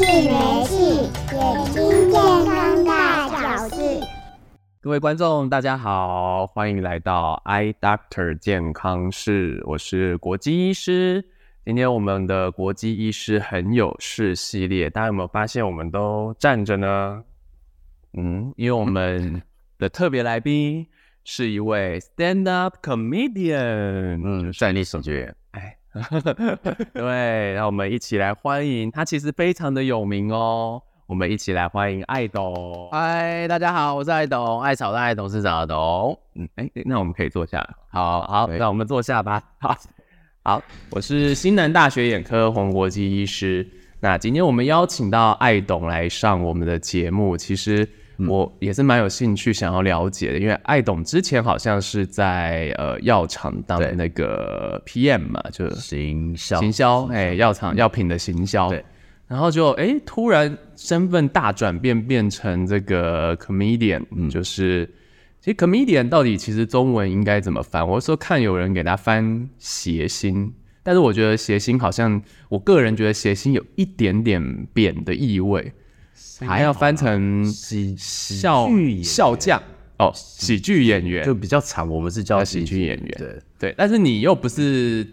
是沒事，眼睛、 嗯、健康大小事。各位觀眾，大家好，歡迎來到 iDoctor 健康室，我是國磯醫師。今天我們的國磯醫師很有事系列，大家有沒有發現我們都站着呢？ 嗯，因為我們的特別來賓是一位 stand up comedian，嗯，站立喜劇。哎。 對，讓我們一起來歡迎他，其實非常的有名哦。我們一起來歡迎艾董。嗨，大家好，我是艾董，艾草的艾董事長董。嗯誒，那我們可以坐下。好好，對那我們坐下吧。好好，我是新南大學眼科洪國磯醫師。那今天我們邀請到艾董來上我們的節目，其實我也是蠻有興趣想要了解的，因為艾董之前好像是在呃藥廠當那個 PM 嘛，對就行銷，行銷銷，哎，銷藥廠藥品的行銷，對。然後就哎、欸、突然身份大轉變，變成這個 comedian，嗯，就是其實 comedian 到底其實中文應該怎麼翻？我是說看有人給他翻諧星，但是我覺得諧星好像，我個人覺得諧星有一點點貶的意味。還要翻成喜笑笑匠哦，喜劇演員就比較慘。我們是叫喜劇演員，演員對對，但是你又不是。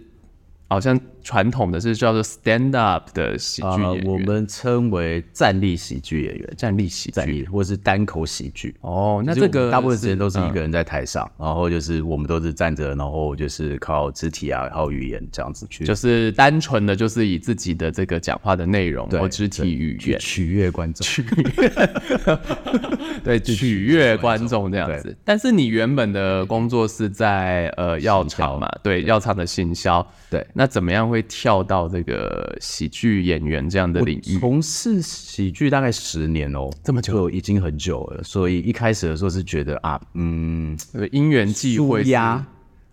好像傳統的是叫做 stand up 的喜劇演員，我們稱為站立喜劇演員，站立喜劇，或者是單口喜劇。哦，那這個大部分時間都是一個人在台上，然後就是我們都是站着，然後就是靠肢體啊，靠語言這樣子去，就是單純的，就是以自己的這個講話的內容，然後肢體語言，取悅觀眾，取悅，對，取悅觀眾這樣子。但是你原本的工作是在，呃，藥廠嘛，對，藥廠的行銷，對。那怎麼樣會跳到這個喜劇演員這樣的領域？從事喜劇大概十年喔，這麼久已經很久了。所以一開始的時候是覺得啊，嗯，因緣際會，舒壓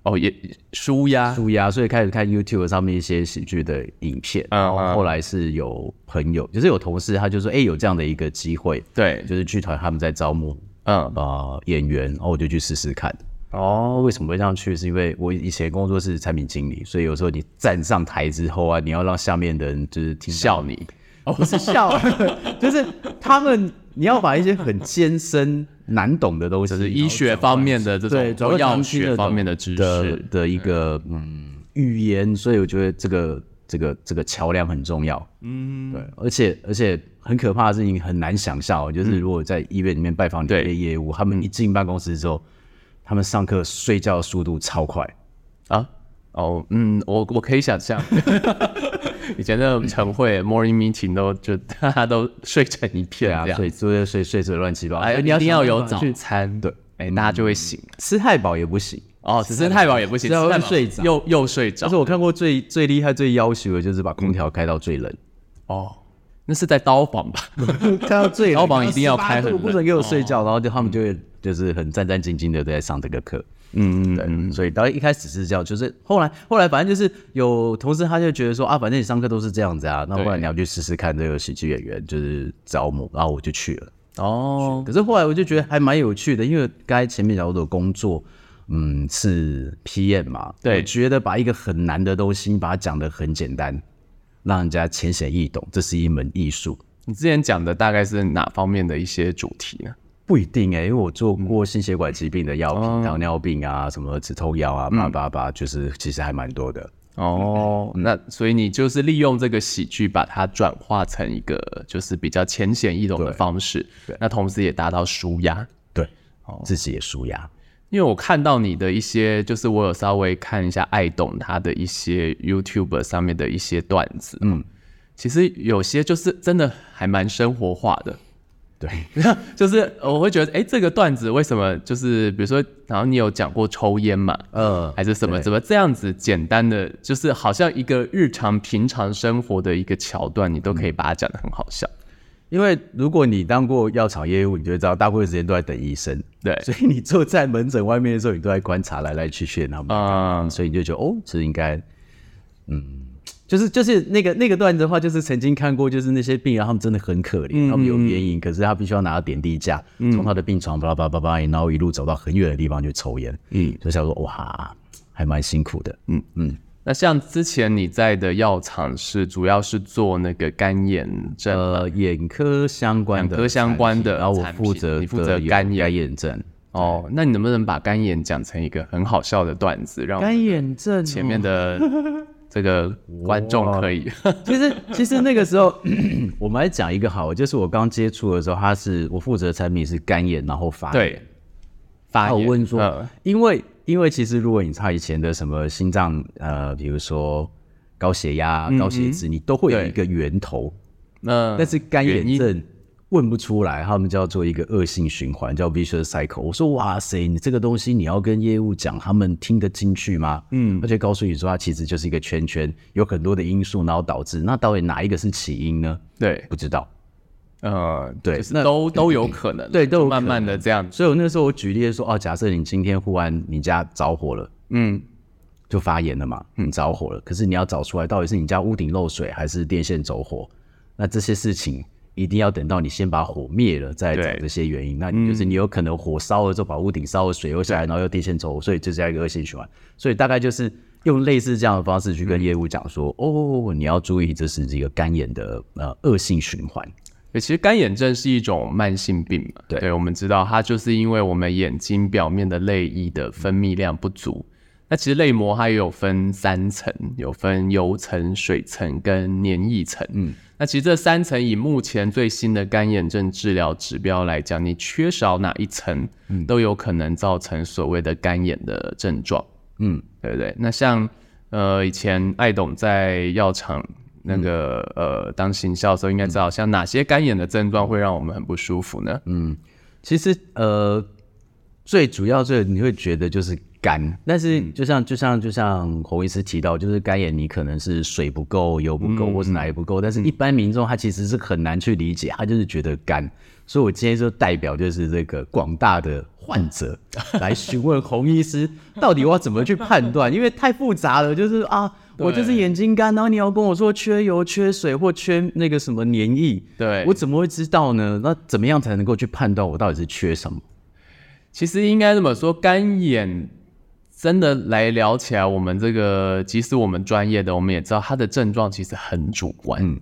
哦，也舒壓，舒壓。所以開始看 YouTube 上面一些喜劇的影片，uh huh. 然後後來是有朋友，就是有同事，他就說，欸，有這樣的一個機會，對，就是劇團他們在招募，嗯啊，呃，演員，然後我就去試試看。哦，oh, 為什麼會這樣去？是因為我以前工作是產品經理，所以有時候你站上台之後啊，你要讓下面的人就是聽。笑你，oh. 不是笑， 就是他們你要把一些很艱深難懂的東西，就是醫學方面的這種藥學方面的知識的，的，的，的一個嗯，嗯語言，所以我覺得這個這個這個橋梁很重要，嗯，對，而且而且很可怕的事情很難想象，就是如果在醫院裡面拜訪你的業務，嗯、他們一進辦公室之後。他們上課睡覺的速度超快啊！哦，嗯，我我可以想象以前的晨會 morning meeting 都就大家都睡成一片啊，睡睡睡睡着亂七八糟。哎，一定要有早餐，對，哎，那就會醒。吃太飽也不行哦，吃太飽也不行，只睡着，又又睡着。就是我看過最最厲害、最要求的就是把空調開到最冷。哦，那是在刀房吧？開到最冷，刀房一定要開很冷，不准給我睡覺，然後就他們就會。就是很戰戰兢兢的在上這個課，嗯，嗯。所以當時一開始是這樣，就是後來後來反正就是有同事他就覺得說啊，反正你上課都是這樣子啊，那對後，後來你要去試試看這個喜劇演員就是招募，然後我就去了。哦，可是後來我就覺得還蠻有趣的，因為剛才前面聊我的工作，嗯，是 PM 嘛，對，我覺得把一個很難的東西把它講的很簡單，讓人家淺顯易懂，這是一門藝術。你之前講的大概是哪方面的一些主題呢？不一定哎、欸，因為我做過心血管疾病的藥品、嗯、糖尿病啊、什麼止痛藥啊，叭叭叭，就是其實還蠻多的哦。那所以你就是利用這個喜劇，把它轉化成一個就是比較淺顯易懂的方式，對那同時也達到舒壓，對，哦、自己也舒壓。因為我看到你的一些，就是我有稍微看一下艾董他的一些 YouTube 上面的一些段子，嗯，其實有些就是真的還蠻生活化的。對， 就是我會覺得，哎、欸，這個段子為什麼就是，比如說，然後你有講過抽煙嘛，嗯、呃，還是什麼，對 怎麼這樣子簡單的，就是好像一個日常平常生活的一個橋段，你都可以把它講的很好笑。因為如果你當過藥廠業務，你就會知道大部分時間都在等醫生，對，所以你坐在門診外面的時候，你都在觀察來來去去他們，啊，嗯、所以你就覺得，哦，這應該，嗯。就是就是那個那個段子的話，就是曾經看過，就是那些病人他們真的很可憐，他們、嗯、有菸癮，可是他必須要拿到點滴架，從、嗯、他的病床巴拉巴拉巴拉，然後一路走到很遠的地方去抽菸，嗯，就想說哇，還蠻辛苦的，嗯嗯。嗯，那像之前你在的藥廠是主要是做那個乾眼症、呃，眼科相關的，眼科相關的，然後我負責負責乾眼眼症。哦，那你能不能把乾眼講成一個很好笑的段子，讓乾眼症前面的這個觀眾可以、哦？其實其實那個時候， 我們來講一個好，就是我剛接觸的時候，他是我負責的產品是乾眼，然後發炎對發炎。然後我問說，嗯、因為因為其實如果你他以前的什麼心臟呃，比如說高血壓、嗯嗯高血脂，你都會有一個源頭，那那是乾眼症。問不出來，他們就要做一個惡性循環，叫 vicious cycle。我說哇塞，你這個東西你要跟業務講，他們聽得進去嗎？嗯，而且告訴你說，它其實就是一個圈圈，有很多的因素，然後導致那到底哪一個是起因呢？對，不知道。呃，對，都那都有可能，對、嗯，都慢慢的這樣。所以我那時候我舉例說，哦、啊，假設你今天忽然你家着火了，嗯，就發炎了嘛，嗯，着火了，嗯、可是你要找出來到底是你家屋頂漏水還是電線走火，那這些事情。一定要等到你先把火滅了，再這些原因。對那就是你有可能火燒了之後，把屋頂燒了水，水又、嗯、下來，然後又電線走。所以這是一個惡性循環。所以大概就是用類似這樣的方式去跟業務講說：嗯、哦，你要注意，這是一個乾眼的呃惡性循環。其實乾眼症是一種慢性病嘛？對，對，我們知道它就是因為我們眼睛表面的淚液的分泌量不足。那、嗯嗯、其實淚膜它也有分三層，有分油層、水層跟粘液層。嗯。那其實這三層，以目前最新的乾眼症治療指標來講，你缺少哪一層，都有可能造成所謂的乾眼的症狀。嗯，對不對？那像呃，以前艾董在藥廠那個、嗯、呃當行銷的時候，應該知道，嗯、像哪些乾眼的症狀會讓我們很不舒服呢？嗯，其實呃，最主要就是你會覺得就是。乾，但是就像就像就像洪醫師提到，就是乾眼，你可能是水不夠、油不夠，嗯、或是奶不夠。但是一般民眾他其實是很難去理解，他就是覺得乾。所以我今天就代表就是這個廣大的患者來詢問洪醫師，到底我要怎麼去判斷？因為太複雜了，就是啊，我就是眼睛乾，然後你要跟我，我說缺油、缺水或缺那個什麼黏液，對我怎麼會知道呢？那怎麼樣才能夠去判斷我到底是缺什麼？其實應該這麼說，乾眼。真的來聊起來，我們這個即使我們專業的，我們也知道它的症狀其實很主觀，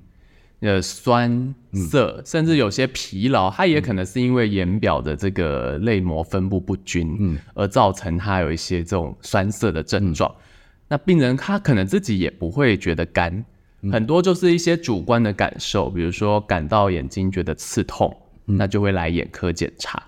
呃，酸澀，甚至有些疲勞，它也可能是因為眼表的這個淚膜分布不均，嗯，而造成它有一些這種酸澀的症狀。嗯，那病人他可能自己也不會覺得乾，嗯，很多就是一些主觀的感受，比如說感到眼睛覺得刺痛，嗯，那就會來眼科檢查。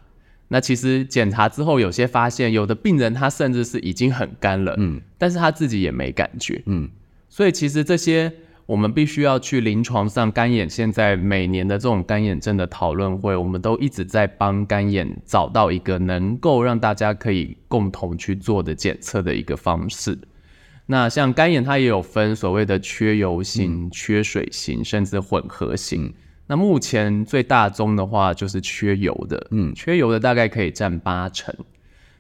那其實檢查之後，有些發現有的病人他甚至是已經很乾了，嗯，但是他自己也沒感覺，嗯，所以其實這些我們必須要去臨床上乾眼。現在每年的這種乾眼症的討論會，我們都一直在幫乾眼找到一個能夠讓大家可以共同去做的檢測的一個方式。那像乾眼它也有分所謂的缺油型，嗯，缺水型，甚至混合型。嗯那目前最大宗的話就是缺油的，嗯，缺油的大概可以佔八成。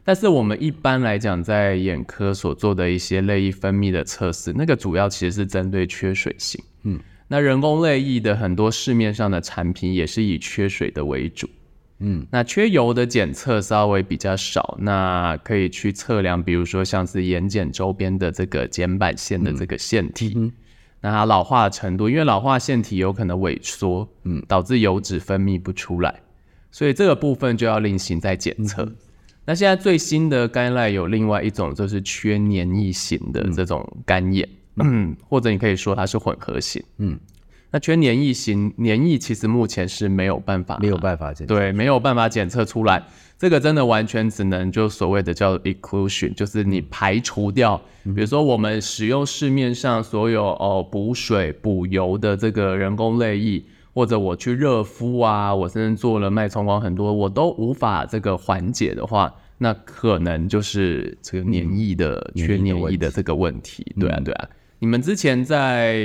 但是我們一般來講，在眼科所做的一些淚液分泌的測試，那個主要其實是針對缺水性。嗯。那人工淚液的很多市面上的產品也是以缺水的為主，嗯。那缺油的檢測稍微比較少，那可以去測量，比如說像是眼瞼周邊的這個瞼板腺的這個腺體。嗯嗯那它老化的程度，因為老化腺體有可能萎縮，嗯，導致油脂分泌不出來，嗯、所以這個部分就要另行再檢測。嗯、那現在最新的乾眼有另外一種，就是缺黏液型的這種乾眼、嗯嗯，或者你可以說它是混合型，嗯。那缺黏液型黏液其實目前是沒有辦法、啊，沒有辦法檢對，沒有辦法檢測出來。這個真的完全只能就所謂的叫 e n c l u s i o n 就是你排除掉，嗯、比如說我們使用市面上所有哦補水補油的這個人工淚液，或者我去熱敷啊，我甚至做了脈衝光很多，我都無法這個緩解的話，那可能就是這個黏液的、嗯、缺黏液，液的這個問題，對啊，嗯、對啊。你們之前在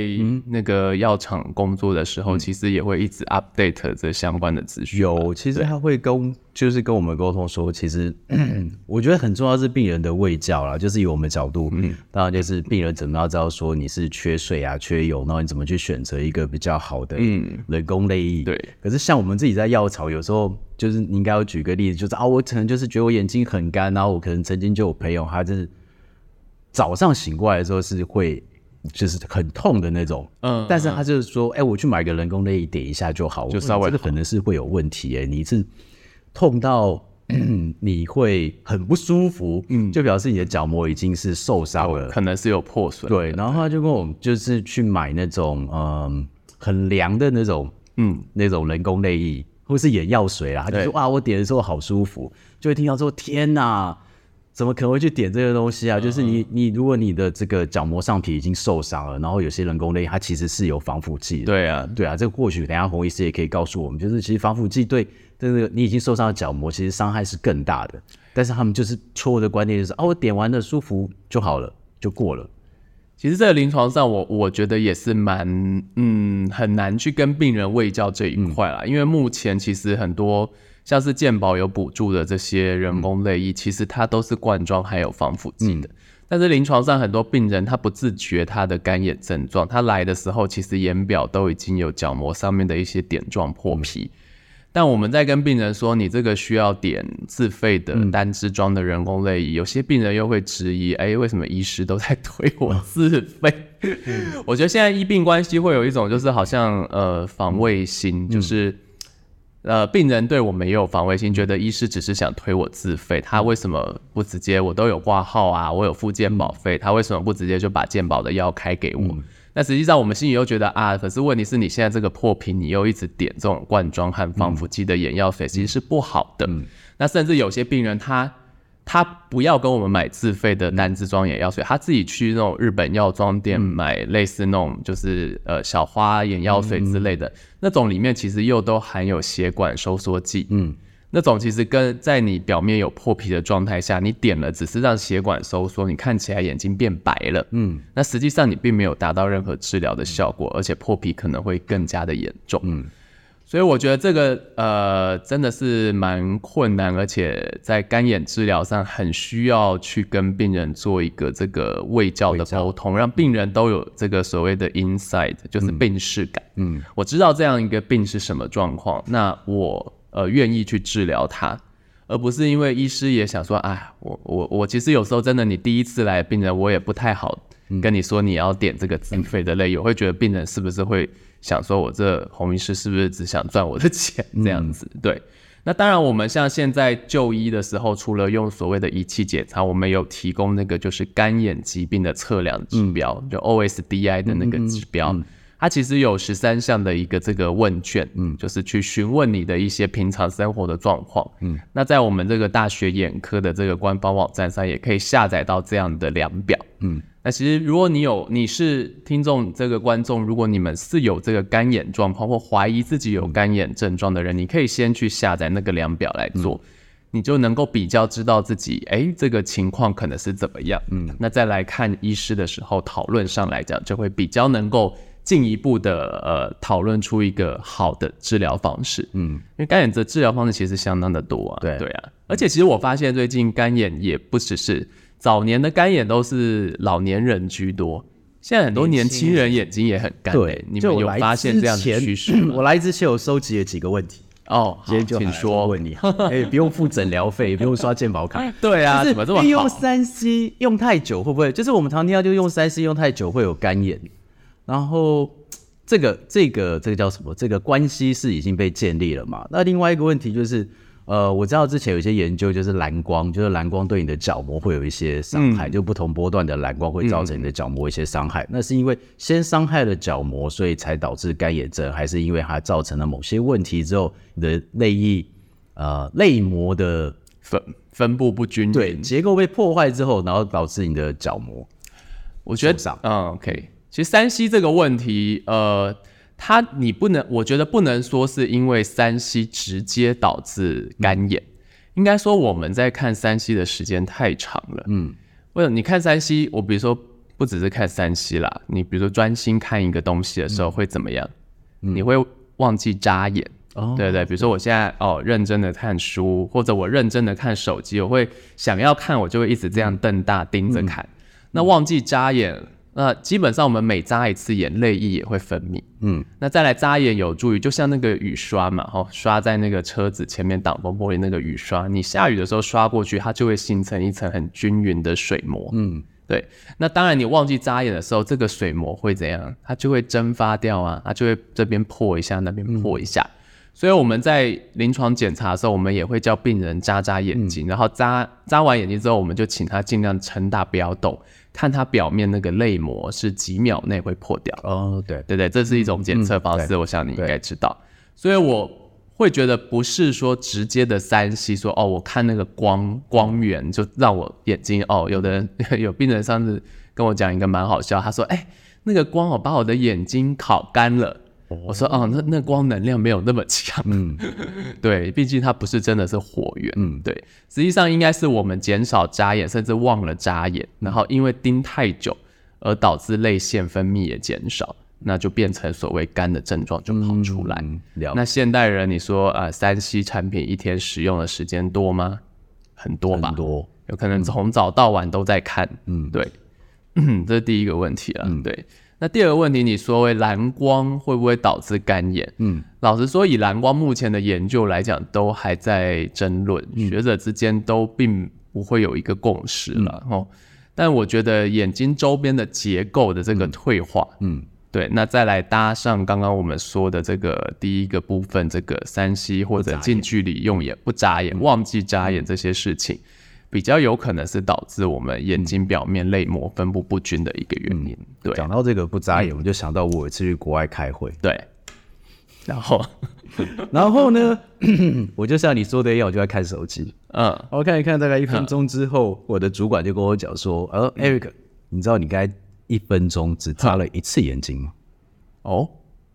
那個藥廠工作的時候，嗯、其實也會一直 update 這相關的資訊。有，其實他會跟對就是跟我們溝通說，其實 我覺得很重要的是病人的衛教啦，就是以我們角度，嗯，當然就是病人怎麼樣知道說你是缺水啊、缺油，然後你怎麼去選擇一個比較好的嗯人工淚液、嗯。對。可是像我們自己在藥廠，有時候就是你應該要舉個例子，就是啊，我可能就是覺得我眼睛很乾，然後我可能曾經就有朋友，他就是早上醒過來的時候是會。就是很痛的那種，嗯，但是他就是說，哎、嗯欸，我去買個人工淚液，點一下就好，就稍微這可能是會有問題、欸，哎，你是痛到、嗯嗯、你會很不舒服，嗯，就表示你的角膜已經是受傷了、嗯，可能是有破損，對，然後他就跟我們就是去買那種，嗯，很涼的那種，嗯，那種人工淚液，或是眼藥水啦，他就說，對啊，我點的時候好舒服，就會聽到說，天哪。怎麼可能會去點這個東西啊？嗯、就是你你，如果你的這個角膜上皮已經受傷了，然後有些人工淚，它其實是有防腐劑。對啊，對啊，這個過去等一下洪醫師也可以告訴我們，就是其實防腐劑對這個你已經受傷的角膜其實傷害是更大的。但是他們就是錯誤的觀念，就是哦、啊，我點完了舒服就好了，就過了。其實這個臨床上我，我我覺得也是蠻嗯，很難去跟病人衛教這一塊啦，嗯、因為目前其實很多。像是健保有補助的這些人工淚液，嗯、其實它都是罐裝還有防腐劑的。嗯、但是臨床上很多病人他不自覺他的乾眼症狀，他來的時候其實眼表都已經有角膜上面的一些點狀破皮。嗯、但我們在跟病人說你這個需要點自費的單支裝的人工淚液。嗯、有些病人又會質疑：哎、欸，為什麼醫師都在推我自費？嗯、 我覺得現在醫病關係會有一種就是好像呃防衛心，就是。嗯呃，病人對我們也有防衛心，覺得醫師只是想推我自費，他為什麼不直接？我都有掛號啊，我有付健保費，他為什麼不直接就把健保的藥開給我？嗯、那實際上我們心裡又覺得啊，可是問題是你現在這個破瓶，你又一直點這種罐裝含防腐劑的眼藥水，嗯、其實是不好的。嗯、那甚至有些病人他。他不要跟我們買自費的單支裝眼藥水，他自己去那種日本藥妝店買類似那種，就是呃小花眼藥水之類的、嗯嗯、那種，裡面其實又都含有血管收縮劑。嗯，那種其實跟在你表面有破皮的狀態下，你點了只是讓血管收縮，你看起來眼睛變白了。嗯，那實際上你並沒有達到任何治療的效果，嗯、而且破皮可能會更加的嚴重。嗯。所以我覺得這個呃真的是蠻困難，而且在乾眼治療上很需要去跟病人做一個這個衛教的溝通，衛教。讓病人都有這個所謂的 inside，就是病識感嗯。嗯，我知道這樣一個病是什麼狀況，那我呃願意去治療它，而不是因為醫師也想說，哎，我我我其實有時候真的，你第一次來病人，我也不太好跟你說你要點這個自費的類，有、嗯、會覺得病人是不是會。想說，我這洪醫師是不是只想賺我的錢這樣子，嗯？對，那當然，我們像現在就醫的時候，除了用所謂的儀器檢查，我們有提供那個就是乾眼疾病的測量指標，嗯、就 OSDI 的那個指標，嗯，它其實有十三項的一個這個問卷，嗯，就是去詢問你的一些平常生活的狀況，嗯，那在我們這個大學眼科的這個官方網站上，也可以下載到這樣的量表，嗯。那其實，如果你有你是聽眾這個觀眾，如果你們是有這個乾眼狀況或懷疑自己有乾眼症狀的人，你可以先去下載那個量表來做，嗯、你就能夠比較知道自己哎、欸、這個情況可能是怎麼樣。嗯，那再來看醫師的時候，討論上來講就會比較能夠進一步的呃討論出一個好的治療方式。嗯，因為乾眼的治療方式其實相當的多啊。啊對，對啊，而且其實我發現最近乾眼也不只是。早年的乾眼都是老年人居多，現在很多年輕人眼睛也很乾，欸。對，你們有發現這樣的趨勢嗎？我來之前有收集了幾個問題哦，好，今天就請說問你。說哦 欸、不用付診療費，也不用刷健保卡。對啊，是怎麼這麼好？用三 C 用太久會不會？就是我們常聽到，就用三 C 用太久會有乾眼。然後這個這個這個叫什麼？這個關係是已經被建立了嘛？那另外一個問題就是。呃，我知道之前有一些研究，就是藍光，就是藍光對你的角膜會有一些傷害，嗯、就不同波段的藍光會造成你的角膜一些傷害。嗯、那是因為先傷害了角膜，所以才導致乾眼症，還是因為它造成了某些問題之後，你的淚液呃淚膜的分分布不均勻，對，結構被破壞之後，然後導致你的角膜？我覺得嗯，OK，其實 3C 這個問題，呃。他你不能，我覺得不能說是因為 3C 直接導致乾眼，嗯、應該說我們在看 3C 的時間太長了。嗯，或者你看 3C，我比如說不只是看 3C 啦，你比如說專心看一個東西的時候會怎麼樣？嗯、你會忘記眨眼。哦，對對。比如說我現在哦認真的看書，或者我認真的看手機，我會想要看，我就會一直這樣瞪大盯着看，嗯、那忘記眨眼。那基本上我們每眨一次眼，淚液也會分泌。嗯，那再來眨眼有助於，就像那個雨刷嘛，哈、哦，刷在那個車子前面擋風玻璃那個雨刷，你下雨的時候刷過去，它就會形成一層很均勻的水膜。嗯，對。那當然你忘記眨眼的時候，這個水膜會怎樣？它就會蒸發掉啊，它就會這邊破一下，那邊破一下。嗯、所以我們在臨床檢查的時候，我們也會叫病人眨眨眼睛，嗯、然後眨眨完眼睛之後，我們就請他盡量睜大，不要動。看它表面那個淚膜是幾秒內會破掉哦、oh, 對，對對對，這是一種檢測方式，嗯嗯、我想你應該知道。對所以我會覺得不是說直接的三 C 說哦，我看那個光光源就讓我眼睛哦，有的人有病人上次跟我講一個蠻好笑，他說哎、欸、那個光哦把我的眼睛烤乾了。我說啊、哦，那那光能量沒有那麼強，嗯，對，畢竟它不是真的是火源，嗯，對，實際上應該是我們減少眨眼，甚至忘了眨眼，然後因為盯太久而導致淚腺分泌也減少，那就變成所謂乾的症狀就跑出來、嗯嗯、那現代人，你說啊，呃、三 C 產品一天使用的時間多嗎？很多吧，很多，有可能從早到晚都在看，嗯，對嗯，這是第一個問題了，嗯、對。那第二個問題，你說為藍光會不會導致乾眼？嗯，老實說，以藍光目前的研究來講，都還在爭論，嗯、學者之間都並不會有一個共識了、嗯、哦。但我覺得眼睛周邊的結構的這個退化，嗯，對。那再來搭上剛剛我們說的這個第一個部分，這個三 C 或者近距離用眼不眨眼、眨眼忘記眨眼這些事情。比較有可能是導致我們眼睛表面淚膜分布不均的一個原因。嗯、對，講到這個不眨眼，嗯、我就想到我有一次去國外開會，對，然後，然後呢， 我就像你說的一樣，我就在看手機。嗯，我看一看，大概一分鐘之後，嗯、我的主管就跟我講說：“呃，Eric，你知道你剛才一分鐘只眨了一次眼睛嗎？”哦，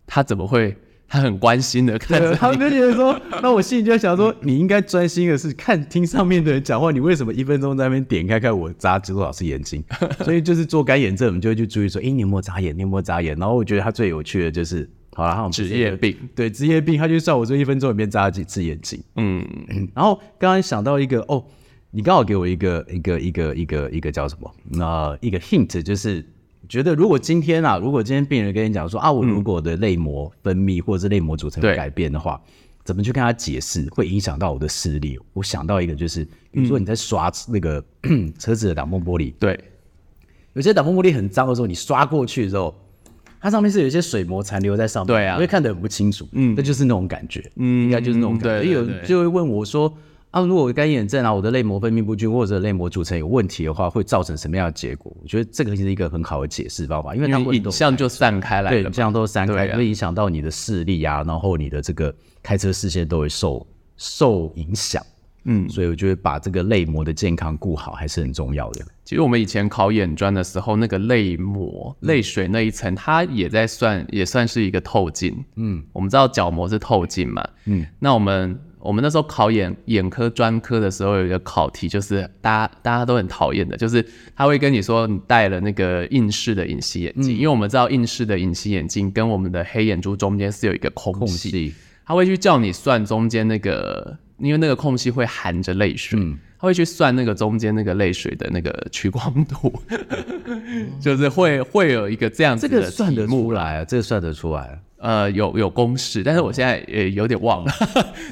他怎麼會？他很關心的看著你，他們就覺得說，那我心裡就在想說， 你應該專心的是看聽上面的人講話，你為什麼一分鐘在那邊點開看，看我眨了多少次眼睛？ 所以就是做乾眼症，我們就會去注意說，哎、欸，你莫眨眼，你莫眨眼。然後我覺得他最有趣的就是，好了，職業，業病，對，職業病，他就算我這一分鐘裡面眨了幾次眼睛，嗯， 然後剛剛想到一個哦，你剛好給我一個一個一個一個一個叫什麼？呃，一個 hint 就是。覺得如果今天啊，如果今天病人跟你講說啊，我如果我的淚膜分泌或者是淚膜組成改變的話，嗯、怎麼去跟他解釋會影響到我的視力？我想到一個，就是比如說你在刷那個、嗯、車子的擋風玻璃，對，有些擋風玻璃很髒的時候，你刷過去的時候，它上面是有一些水膜殘留在上面，對啊，你會看得很不清楚，嗯，那就是那種感覺，嗯，應該就是那種感覺，也、嗯、有人就會問我說。啊，如果我乾眼症啊，我的淚膜分泌不均或者淚膜組成有問題的話，會造成什麼樣的結果？我覺得這個其實是一個很好的解釋方法，因為它影像就散開來了，對，這樣都散開，會、啊、影響到你的視力啊，然後你的這個開車視線都會受受影響。嗯，所以我覺得把這個淚膜的健康顧好，還是很重要的。其實我們以前考眼專的時候，那個淚膜、淚水那一層，嗯、它也在算，也算是一個透鏡。嗯，我們知道角膜是透鏡嘛，嗯，那我們。我們那時候考眼眼科專科的時候，有一個考題，就是大家大家都很討厭的，就是他會跟你說，你戴了那個硬式的隱形眼鏡，嗯、因為我們知道硬式的隱形眼鏡跟我們的黑眼珠中間是有一個空隙，空隙他會去叫你算中間那個，嗯、因為那個空隙會含着淚水。嗯他會去算那個中間那個淚水的那個屈光度， 就是會會有一個這樣子的題目出來啊，這個算得出來，題目，這個算得出來，呃，有有公式，但是我現在也有點忘了，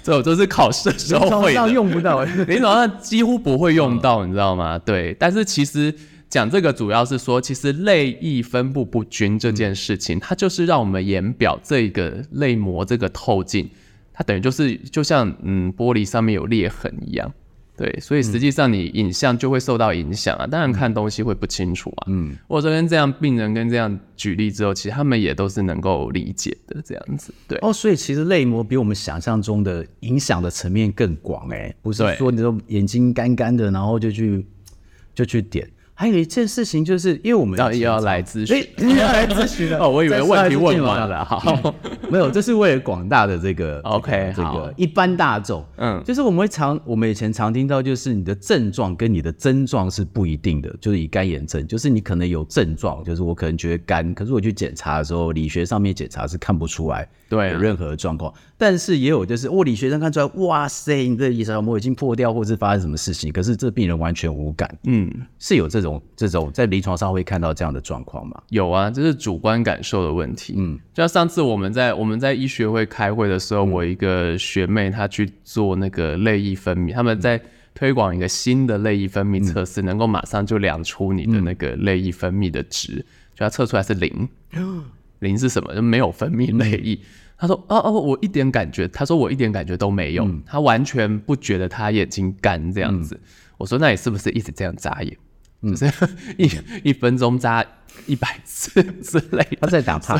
這種 都是考試的時候會用不到，臨 床上幾乎不會用到， 你知道嗎？對，但是其實講這個主要是說，其實淚液分布不均這件事情，嗯、它就是讓我們眼表這個淚膜這個透鏡，它等於就是就像嗯玻璃上面有裂痕一樣。對，所以實際上你影像就會受到影響啊，嗯、當然看東西會不清楚啊。嗯，我這跟這樣病人跟這樣舉例之後，其實他們也都是能夠理解的這樣子。對哦，所以其實淚膜比我們想象中的影響的層面更廣哎、欸，不是說你眼睛乾乾的，對然後就去就去點。還有一件事情，就是因為我們要要來諮詢，你、哎、要來諮詢的 哦，我以為問題問完了，好，沒有，這、就是為了廣大的這個 OK，這個一般大眾，嗯，就是我們會常，我們以前常聽到，就是你的症狀跟你的症狀是不一定的，就是乾眼症，就是你可能有症狀，就是我可能覺得乾，可是我去檢查的時候，理學上面檢查是看不出來，對，有任何的狀況。但是也有，就是物理學生看出來，哇塞，你這醫生我們已經破掉，或是發生什麼事情。可是這病人完全無感，嗯，是有這種這種在臨床上會看到這樣的狀況嗎？有啊，這、就是主觀感受的問題。嗯，就像上次我們在我們在醫學會開會的時候，嗯、我一個學妹她去做那個淚液分泌，他們在推廣一個新的淚液分泌測試，嗯、能夠馬上就量出你的那個淚液分泌的值，嗯、就她測出來是零，零是什麼？就沒有分泌淚液。嗯他說：哦哦，我一點感覺。他說我一點感覺都沒有，他完全不覺得他眼睛乾這樣子。我說：那你是不是一直這樣眨眼？就是一一分鐘眨一百次之類的。他在打帕，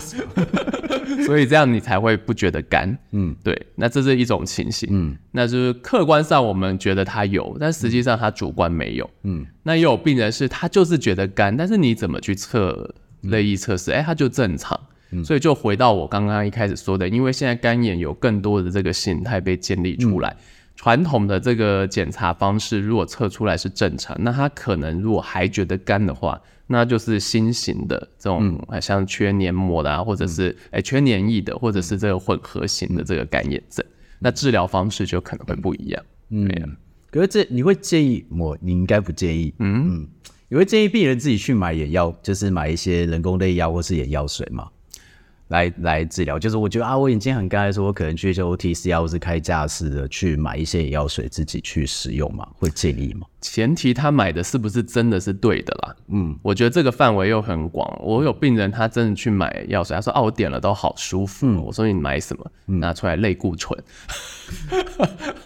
所以這樣你才會不覺得乾。嗯，對。那這是一種情形。嗯，那就是客觀上我們覺得他有，但實際上他主觀沒有。嗯，那也有病人是他就是覺得乾，但是你怎麼去測淚液測試？哎，他就正常。所以就回到我剛剛一開始說的，因為現在乾眼有更多的這個形態被建立出來，傳、嗯、統的這個檢查方式，如果測出來是正常，那他可能如果還覺得乾的話，那就是新型的這種像缺黏膜的、啊，或者是哎、嗯欸、缺黏液的，或者是這個混合型的這個乾眼症，嗯、那治療方式就可能會不一樣。嗯，啊、可是這你會建議我？你應該不建議。嗯，嗯你會建議病人自己去買眼藥，就是買一些人工淚液或是眼藥水嗎？來來治療，就是我覺得啊，我眼睛很乾的時候，我可能去一些 OTC 啊，或是開架式的去買一些藥水自己去使用嘛，會建議嗎？前提他買的是不是真的是對的啦？嗯，我覺得這個範圍又很廣。我有病人他真的去買藥水，他說哦，啊，我點了都好舒服。嗯，我說你買什麼？拿出來類固醇。嗯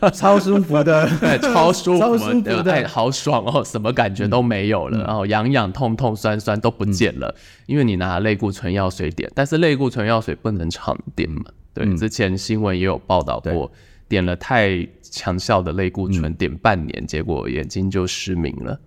超舒服的， 超舒服的，對，好爽哦！ 什麼感覺都沒有了，嗯、然後癢癢、痛痛、酸酸都不見了，嗯、因為你拿了類固醇藥水點，但是類固醇藥水不能常點嘛。對，嗯、之前新聞也有報道過，對點了太強效的類固醇，對點半年，嗯、結果眼睛就失明了。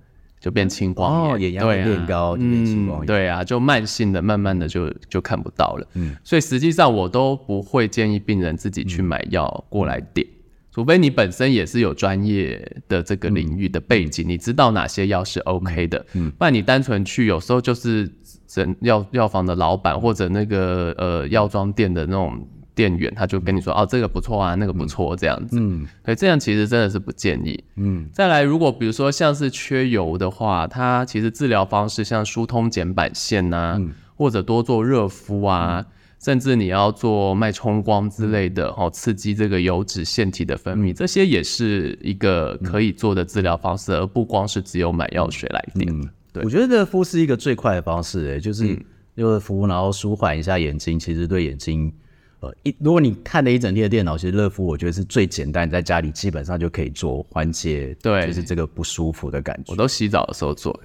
就變青光眼，哦、眼壓也高對啊，變青光眼。嗯，對啊，就慢性的，慢慢的就就看不到了。嗯，所以實際上我都不會建議病人自己去買藥過來點，嗯、除非你本身也是有專業的這個領域的背景，嗯嗯、你知道哪些藥是 OK 的。嗯，不然你單純去，有時候就是診藥藥房的老闆或者那個呃藥妝店的那種。店員他就跟你說哦，這個不錯啊，那個不錯，這樣子，嗯，所、嗯、以這樣其實真的是不建議，嗯，嗯再來如果比如說像是缺油的話，它其實治療方式像疏通瞼板腺吶、啊，嗯、或者多做熱敷啊，嗯、甚至你要做脈衝光之類的，哦，刺激這個油脂腺體的分泌，嗯、這些也是一個可以做的治療方式，而不光是只有買藥水來點。嗯、對，我覺得熱敷是一個最快的方式、欸，哎，就是熱敷，然後舒緩一下眼睛，嗯、其實對眼睛。呃，一如果你看了一整天的電腦，其實熱敷我覺得是最簡單，在家裡基本上就可以做緩解，對，就是這個不舒服的感覺。我都洗澡的時候做。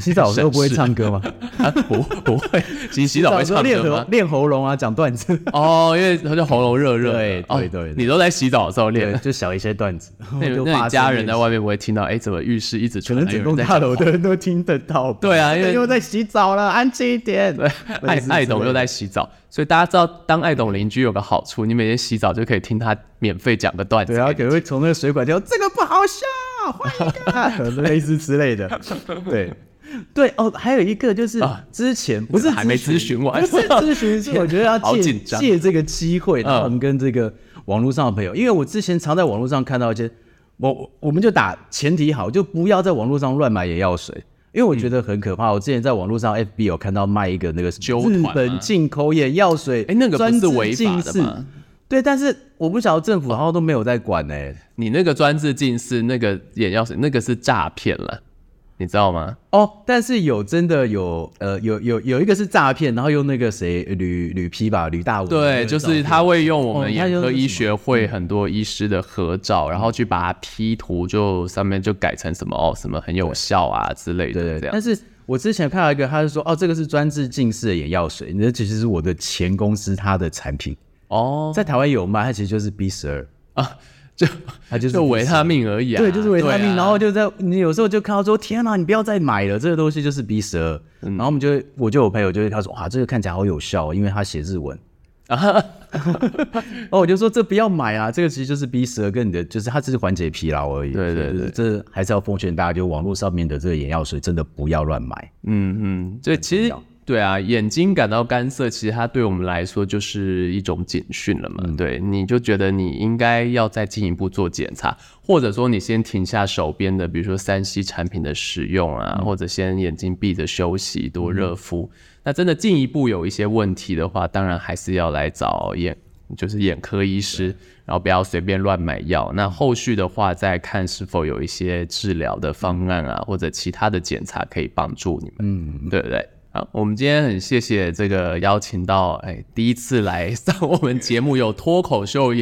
洗澡的時候不會唱歌嗎？ 啊、不，不會。洗洗澡會唱歌嗎？練喉嚨啊，講段子。哦，oh, 因為他叫喉嚨熱熱，對對對，你都在洗澡的時候練，就小一些段子。 那那家人在外面不會聽到哎、欸？怎麼浴室一直傳？可能整棟大樓的人都聽得到。 對啊，因為又在洗澡了，安靜一點。對，是艾艾董又在洗澡， 所以大家知道，當艾董鄰居有個好處，你每天洗澡就可以聽他。免費講個段子，對，然後可能會從那個水管掉，這個不好笑，換一個，類似之類的，對對哦，還有一個就是之前不是還沒諮詢完，不是諮詢，是我覺得要借借這個機會，我們跟這個網絡上的朋友，因為我之前常在網絡上看到一些，我我們就打前提好，就不要在網絡上亂買眼藥水，因為我覺得很可怕。我之前在網絡上 FB 有看到賣一個那個什麼日本進口眼藥水，哎，那個不是違法的嗎？對，但是我不曉得政府好像都沒有在管哎、欸。你那個專治近視那個眼藥水，那個是詐騙了，你知道嗎？哦，但是有真的有，呃，有有有一個是詐騙，然後用那個誰，呂呂 P 吧，呂大文。對，就是他會用我們眼科醫學會很多醫師的合照，哦、然後去把它 P 圖就，就上面就改成什麼哦，什麼很有效啊之類的。對對對。但是我之前看到一個，他就說哦，這個是專治近視的眼藥水，那其實是我的前公司他的產品。哦，oh, 在台灣有賣，它其實就是 B 十二啊，就它就是維他命而已啊，對,就是維他命。啊、然後就在你有時候就看到說，天啊，你不要再買了，這個東西就是 B 十二。嗯。然後我們就會，我就有朋友就會他說，哇，這個看起來好有效，因為他寫日文啊。然後我就說，這不要買啊，這個其實就是 B 十二，跟你的就是它只是緩解疲勞而已。對對對，這還是要奉勸大家，就網絡上面的這個眼藥水真的不要亂買。嗯嗯，對、嗯嗯，其實。對啊，眼睛感到乾澀，其實它對我們來說就是一種警訊了嘛。嗯、對，你就覺得你應該要再進一步做檢查，或者說你先停下手邊的，比如說三 C 產品的使用啊，嗯、或者先眼睛閉着休息，多熱敷。嗯、那真的進一步有一些問題的話，當然還是要來找眼，就是眼科醫師，對然後不要隨便亂買藥。那後續的話，再看是否有一些治療的方案啊，嗯、或者其他的檢查可以幫助你們，嗯，對不對？啊、我們今天很謝謝這個邀請到，哎、欸，第一次來上我們節目有脫口秀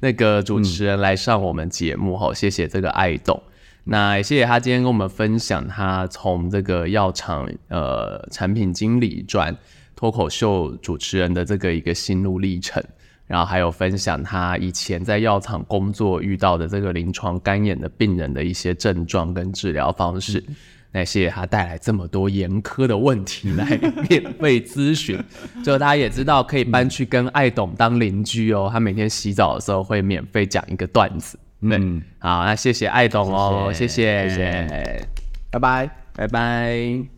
那個主持人來上我們節目哈、嗯，謝謝這個艾董。那也謝謝他今天跟我們分享他從這個藥廠呃產品經理轉脫口秀主持人的這個一個心路歷程，然後還有分享他以前在藥廠工作遇到的這個臨床乾眼的病人的一些症狀跟治療方式。嗯那謝謝他帶來這麼多嚴苛的問題來免費諮詢， 就大家也知道可以搬去跟艾董當鄰居哦。他每天洗澡的時候會免費講一個段子，嗯，好，那謝謝艾董哦，謝謝，拜拜，拜拜。拜拜。